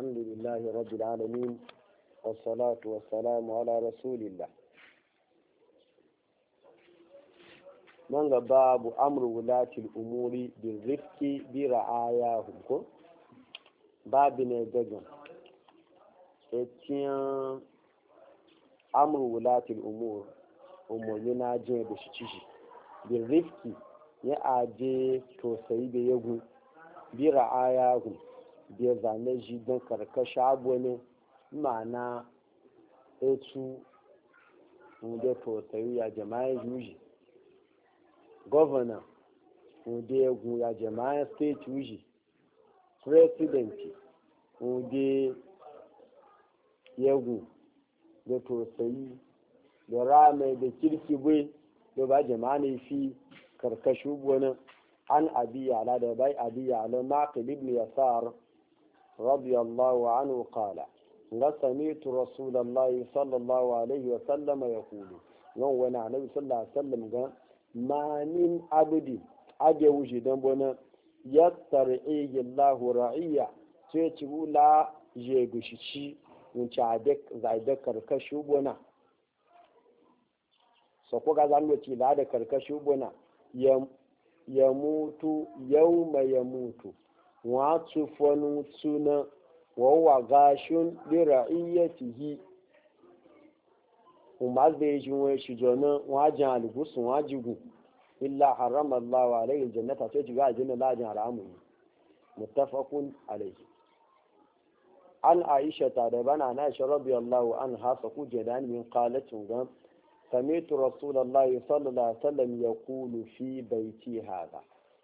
الحمد لله رب العالمين والصلاة والسلام على رسول الله من باب أمر ولاة الأمور بالرفق برعاياهم باب نجد اتيان أمر ولاة الأمور أمور جيب شتشي بالرفق يا أجي توسيب يقول برعاياهم bai zane shi don karkashin abuwanin ma'ana etu wunde tausayi ya jama'in yuji governor wunde egun ya jama'in state yuji president wunde yegun da tausayi da rame da kirki bai da ba jama'in fi karkashin abuwanin an abi yala da bai abi yala maqil ibn yasar رضي الله عنه قال لسمعت رسول الله صلى الله عليه وسلم يقول يوم وانا عليه صلى الله عليه وسلم قال ما من عبد عبد وجدا بنا يترعي الله رعيا تيتبو لا يغششي من zaida karkashi buna so سوكو ga zan لا da karkashi buna ya mutu yau wàtú fọnù túná wa wà gáṣún lera iye tìhí umarbe shi wani shijo na wajen algusun wajigu illa haram Allah wa alayhi jannata sai shiga aljanna lajin haramun muttafaqun alayhi an aisha ta da bana na shi Allah radiyallahu anha fa ku jadan min qalatun gam tu rasulullahi sallallahu alaihi wasallam yaqulu fi baiti hada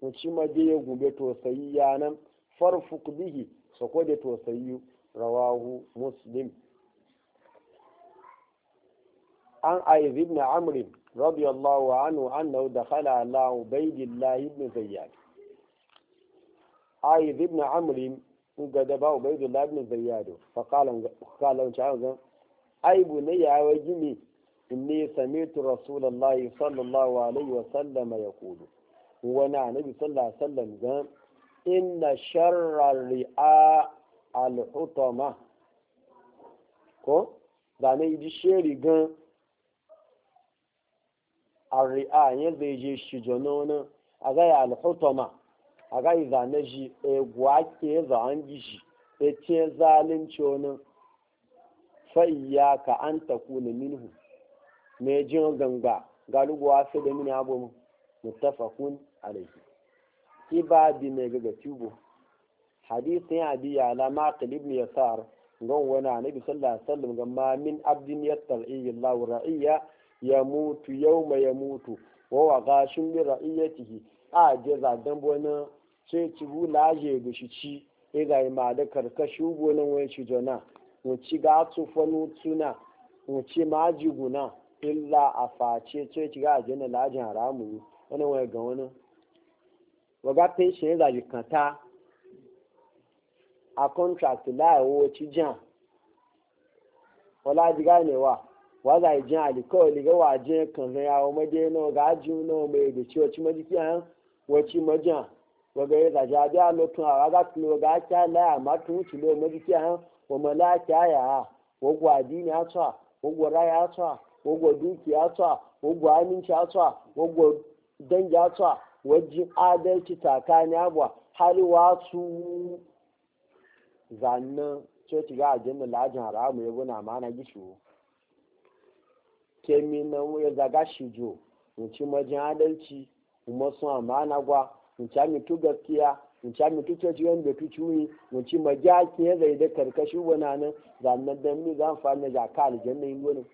sun ci maje ya gube tosayi yanan farfuk bihi sako da tosayi rawahu muslim an aiz ibn amr radiyallahu anhu annahu dakhala ala ubaydillah ibn zayyad aiz ibn amr ga da ba ubaydillah ibn zayyad fa qala qala an ta'ala ai bunayya wa gimi inni sami'tu rasulullahi sallallahu alaihi wa sallam yaqulu wani annabi sallallahu alaihi wasallam ga inna sharrar ri'a al-hutama ko zane ne ji sheri gan ar-ri'a ne zai je shi jonona a ga al-hutama a zane ji egwa ke za an ji shi e ce zalunci wani fa ka an takuna minhu mai jin ganga galuguwa wa sai da mini abu muttafaqun alayhi shi ba bi mai gaga tubo hadisin abi ala maqil ibn yasar gon wani annabi sallallahu alaihi wasallam ga ma min abdin yattari Allahu ra'iya yamutu yawma yamutu wa wa gashin bi ra'iyatihi a je za dan bona sai ci bula je shi ci e ga ma da wani shi jona mu ci ga tsufanu tuna mu ci ma jiguna illa a face sai ci ga ajina lajin haramu wani waya ga wani waga pension yana yi kanta a contract láàwọ̀ ci jan wala ajiga ganewa wa za yi jan alikawai liga wa je kan zai yawon maje na waga na mai da ci waci maji kiyan waci majan waga yi a lotun a waga aki a laya ma tun wuce lo a yaya wagwa adini a tsa wagwa raya a tsa wagwa duki a tsa aminci a tsa don ya tsa wajen adalci tsakani abuwa har wasu zannan coci ga ajiyar lajin haramu ya guna mana gishu kemi na ya zaga shijo wuce majin adalci kuma sun amana gwa wuce mitu gaskiya wuce mitu coci yan da ci majin majiya ya zai da karkashin nan zannan don mi zan fara na jaka aljanna yi wani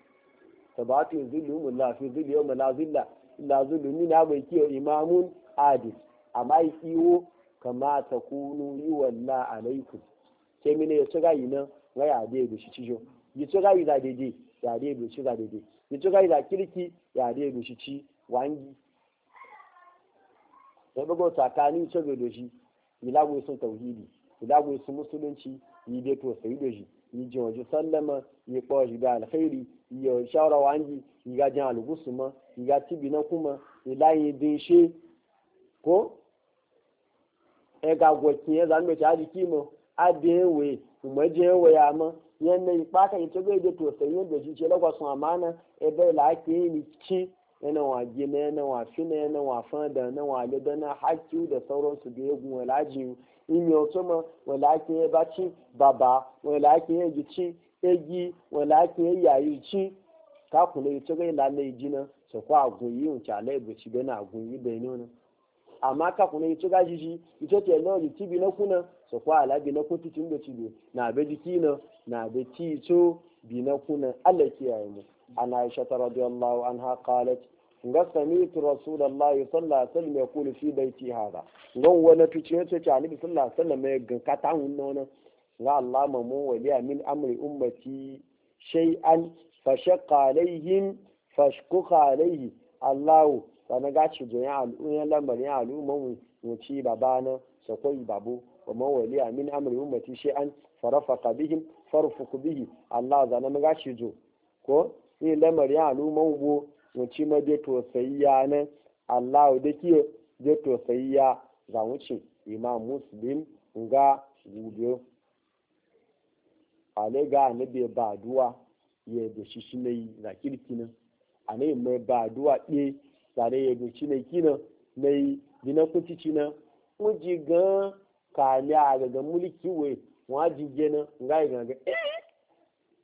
tabatu zillu mu lafi zillu yau mu la zilla la zulumi na mai kiyo imamun adis amma yi kiwo kama ta kunu yi walla alaikum ke mine ya tsoga yi nan wai a da ya cijo yi tsoga yi za daidai ya da ya gushi za daidai yi tsoga yi za kirki ya da ya shi ci wangi ya bugo tsakanin tsoga doshi yi lagwai sun tauhidi yi lagwai sun musulunci yi beto sai doshi yi jiwaji sallama yi kwa shi da alkhairi yi wa yi ga jin alugusu ma yi ga tibi na kuma yi layin shi ko e ga gwakin ya zanu ta ji kimo adewe umajewe ya ma yanne ipaka ito ga ide to sai yadda shi ce lagwasun amana ebe la ake yi ni ci yana yana yana da yana wa leda da sauransu da ya gun walaji baba walaki ya egi walakin yayi ci ka kula yi na lalai jina su kwa agunyi wuce alai buci bai na agunyi bai amma ka yi tuga jiji na kuna su kwa na kun da tibi na abe jiki na na ti to bi na kuna allah kiyaye mu ana aisha ta radiyallahu anha qalat ga samitu rasulullahi sallallahu alaihi wasallam yaqulu fi baiti hada gon wani tuce ce ce annabi sallallahu alaihi wasallam ya ganka ta hunna ga Allah mu waliya min amri ummati an fashe alaihim fashquqa alaihi Allah sana ga ci joya al'umma lamarin al'umma mu ci babana sakoi babu wa man waliya min amri ummati an farafaqa bihim farfuq bihi Allah za na ga jo ko ni lamari al'umma mu mu ci ma je to sayya nan Allah da kiyo je to sayya za mu imam muslim ga gudu ale ga ne be ba duwa ye da shi shi ne na kirkinin ane me ba duwa ɗe zane ye da shi ne kina na yi dina kuci cina uji ga kale a daga mulki we waji gena nga yi ganga eh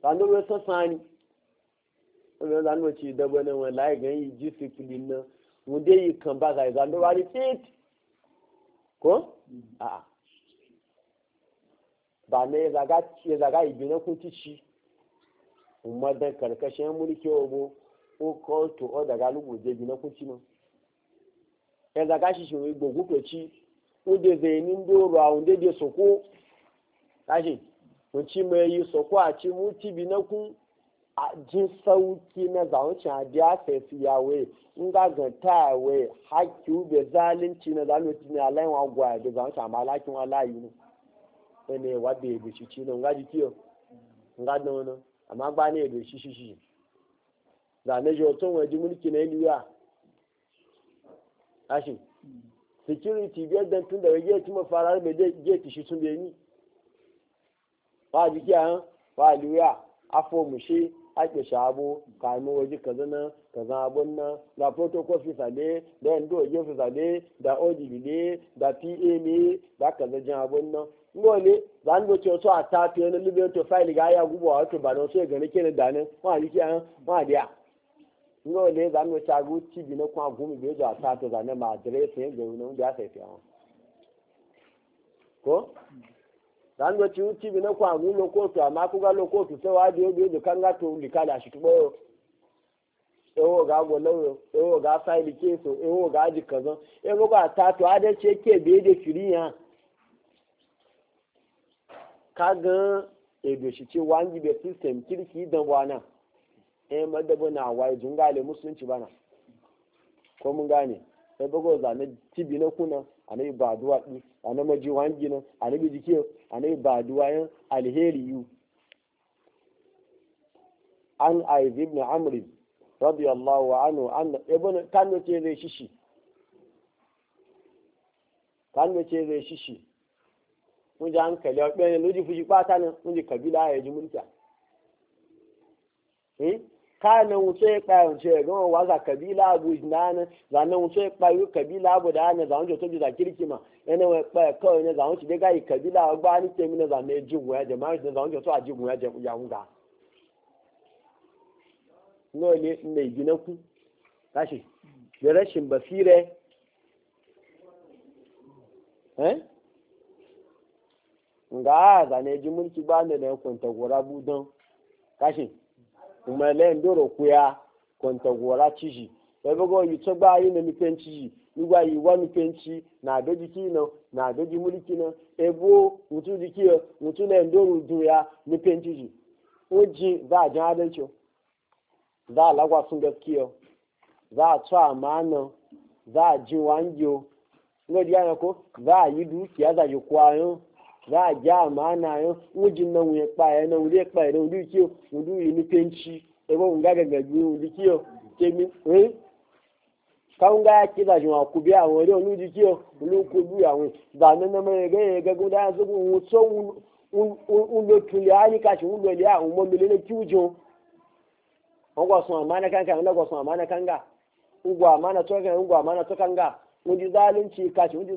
zanu we sasani wani zanu ci dabo ne wani layi gan yi discipline na mu dai yi kan ba ga zanu wani fit ko mm-hmm. a'a ba ne ya zaga ibi na kuntici umardan karkashin mulki obo ko kotu o daga luguje bi na kunci ma ya zaga shi shi wai gogu peci o de zainin doro a wunde de soko tashi kunci mai yi soko a ci muti bi na kun a ji sauki na zaunci a biya sai ya yawe in ga ganta yawe haki ube zalunci na zalunci ne alayin wa gwaya da zaunci amma alakin wa layi ne ene wa be be shi ci no ngaji nga no no amma gba ne be shi shi shi da ne jo to wa ji security biyar dan tun da waje ci ma farar be de je ti shi sun be ni wa ji kiya wa liya afo mu shi ake shabo kanu waje kaza na kaza abun da protocol officer da yando officer da odb ne da pa ne da kaza jan abun nan ngole zan go cewa so a ta to ne libe to file ga ya gubo wato ba no sai e ga ne kene dane ma ni kiyan ma dia ngole zan go ta go ci bi na kwa gumi be za ta to zan ma address ne ga no da sai fiya ko zan go ci ci bi na kwa gumi lo ko to amma ku ga lo ko to sai wa dio be kan ga to likala shi to boyo ewo ga gwalawo ewo ga file keso ewo ga ajikazan ewo ga ta to ade ce ke be de kiri yan Ka ebe edoshi ce wangi be system kirki da wana eh daba na wai jungale musulunci bana ko mun gane sai e, bago zane tibi na kuna anai ba duwa di anai maji wangi na anai bi jike anai ba duwa yan alheri yu an aiz ibn amr radiyallahu anhu an ibn e, kanu ce zai shishi kanu ce zai shishi mun ji hankali a ɓayan loji fushi ɓata nan mun ji kabila ya ji mulkiya hmm? kayan nan wuce ya kpaya wuce ya gama wa waza kabila abu na nan zanen wuce ya kpaya wuce kabila abu da za zanen jotobi za kirki ma yana wai kpaya kawai ne za zanen shi gayi kabila abu ba ni ke mina zanen jin wuya jama'a shi zanen jotobi a jin wuya ya hunga nawa ne mai gina ku tashi da rashin basire eh nga za ne ji mulki ba ne na kwanta gora budon kashin kuma ndoro kuya kwanta gora ciji ebe go yi to ba yi ne mi penci igwa yi wa mi penci na doji kino na doji mulki no ebo mutu dikio mutu ne ndoro du ya mi penci ji oji za jan adancho za lagwa sun gaskiyo za to amana za ji wanjo ngodi yana ko za yi dukiya za yi kwayo za a na amana yan wujin nan wuya kpaya nan wuri kpaya nan wuri kiyo wuri yi ni penci ebe wunga gaga biyu wuri kiyo kemi eh kawunga ya kiza shi kubi a wuri wani wuri kiyo wuri kubi a ba nan na mai ga ya ga guda ya zuku wuso wulo tuli a ni kashi wulo liya umar milina kiwujo wọn gwa sun amana kanka wọn gwa sun amana kanga ugwa amana tokan ugwa amana ga wuri zalunci wuri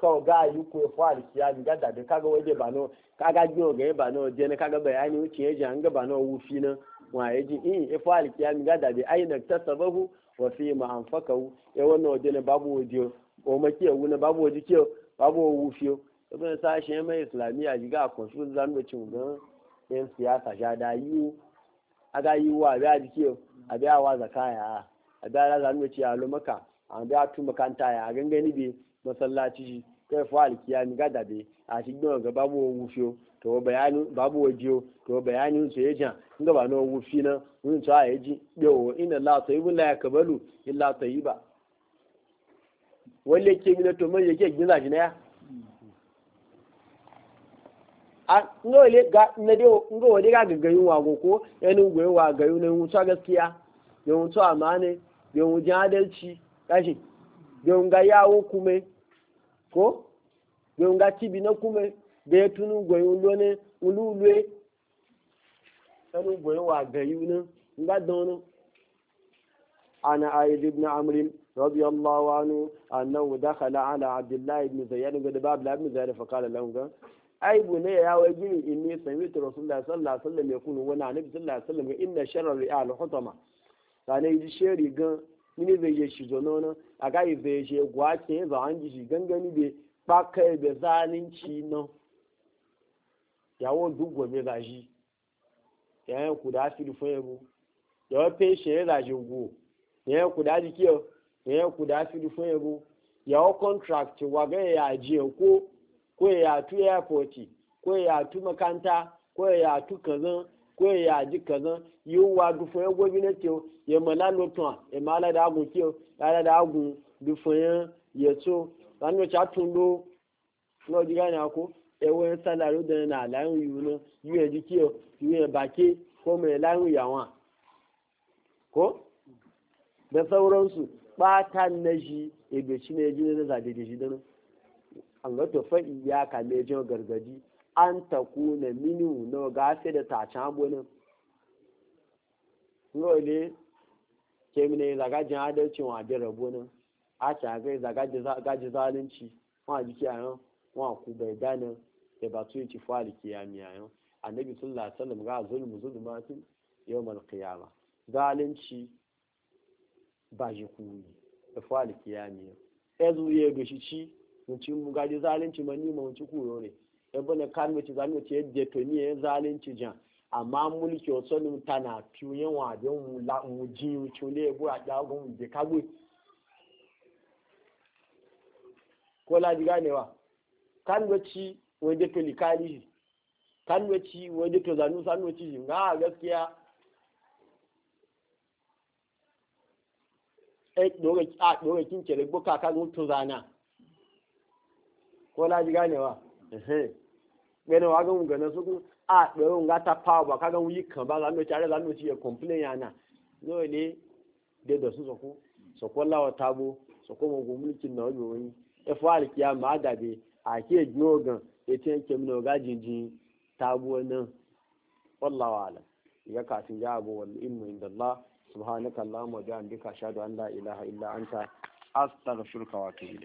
kawo ga anyị ko efu alkiya mi ga dabe kaga ba no kaga jo ba no je kaga bayani wuce na wa ya ji efu e ya alkiya mi ga na na tasabahu wa fi ma anfakahu e wannan waje na babu waje o ma ewu na babu waje babu wufi ibn sashe mai islamiya ji ga konsu zan da cin ga e siyasa aga yi awa ala zan makanta ya masallaci shi kai fa alkiya ni be a shi ga babu wufio to bayani babu wajiyo to bayani su yaja inga ba no na mun ta yaji yo inna la tayyibu la yakbalu illa tayyiba wale ke mina to man yake gina na ya a ngo le ga na de ngo wale ga ko wa gaskiya jonga yawo kume ko jonga tibi na kume da tunu gwayi ulo ne ulu ulwe sanu gwayi wa gayi ne nga donu ana ayyid ibn amr رضي الله عنه أنه دخل على عبد الله بن زياد قال باب لا زياد فقال له ai bune ya wai gini in ne sami ta rasulullah sallallahu alaihi wasallam ya kunu wani annabi sallallahu alaihi wasallam inna sharra ri'al hutama sane ji gan mini zai yi shi zono nan a ga yi zai shi gwa ke ya zawon gishi gangani bai baka da zalunci nan yawo za shi, ya yi ku da asiri fun yabo pe e shi ya zashi go yi ku da jiki ya, ya yi ku da asiri fun yabo yawo contract wa ga ya ji ya ko ko ya tu airport ko ya tu makanta ko ya tu kazan ko ya ji kazan yiwuwa dufayen gwamnati yau ya ma mala lotun ya mala da agun kiyo ya da agun dufayen ya so ranar ca tun lo lọ ji ni ako ewe salari da na layin yiwu na yiwu ya ji kiyo yiwu ya bake ko mai layin yawan ko da sauransu bata na shi ebe shi ne ji na zaɗe da shi dana an ga tofa iyaka ne jin gargaji an taku na minu na gafe da tacen abunin role ke mine zagajin adalci wa bi rabo nan a cagai zagaji zalunci wa jiki a yan wa ku bai dana da ba su yi ci fali kiyami a yan annabi sallallahu alaihi wasallam ga zulmu zulmu zulmatin yawmal qiyama zalunci ba ji ku yi da fali ki ya zuye ga shi ci mun ci mu gaji zalunci mani mun ci ku ne ebe na kano ci zanu ce yadda to ni ya e zalunci jan amma mulki wasu ne ta na fiye wa da mu ji wuce ne ya gura dagun da kagwe ko ladi ganewa kano ci wanda to likali shi kano ci wanda to zanu sanu ci shi ga gaskiya e, a ɗora kinke da buka kan mutu zana ko ladi ganewa gbẹ̀rẹ̀ ah, wa gan gana sókún àpẹẹrẹ òun gata pàwọ̀ ká gan yí kàn bá lánàá tí arẹ́ lánàá tí yẹ kọ̀m̀pìlẹ̀ yàn náà lóò lé dédọ̀ sọ̀kú láwọ̀ tábó sọ̀kọ́ wọn kò múlùkì náà ó lòó yín ẹ̀fọ́ àlìkí àmọ́ àdàbí àti ẹ̀gbìn ọ̀gàn etí náà tábó náà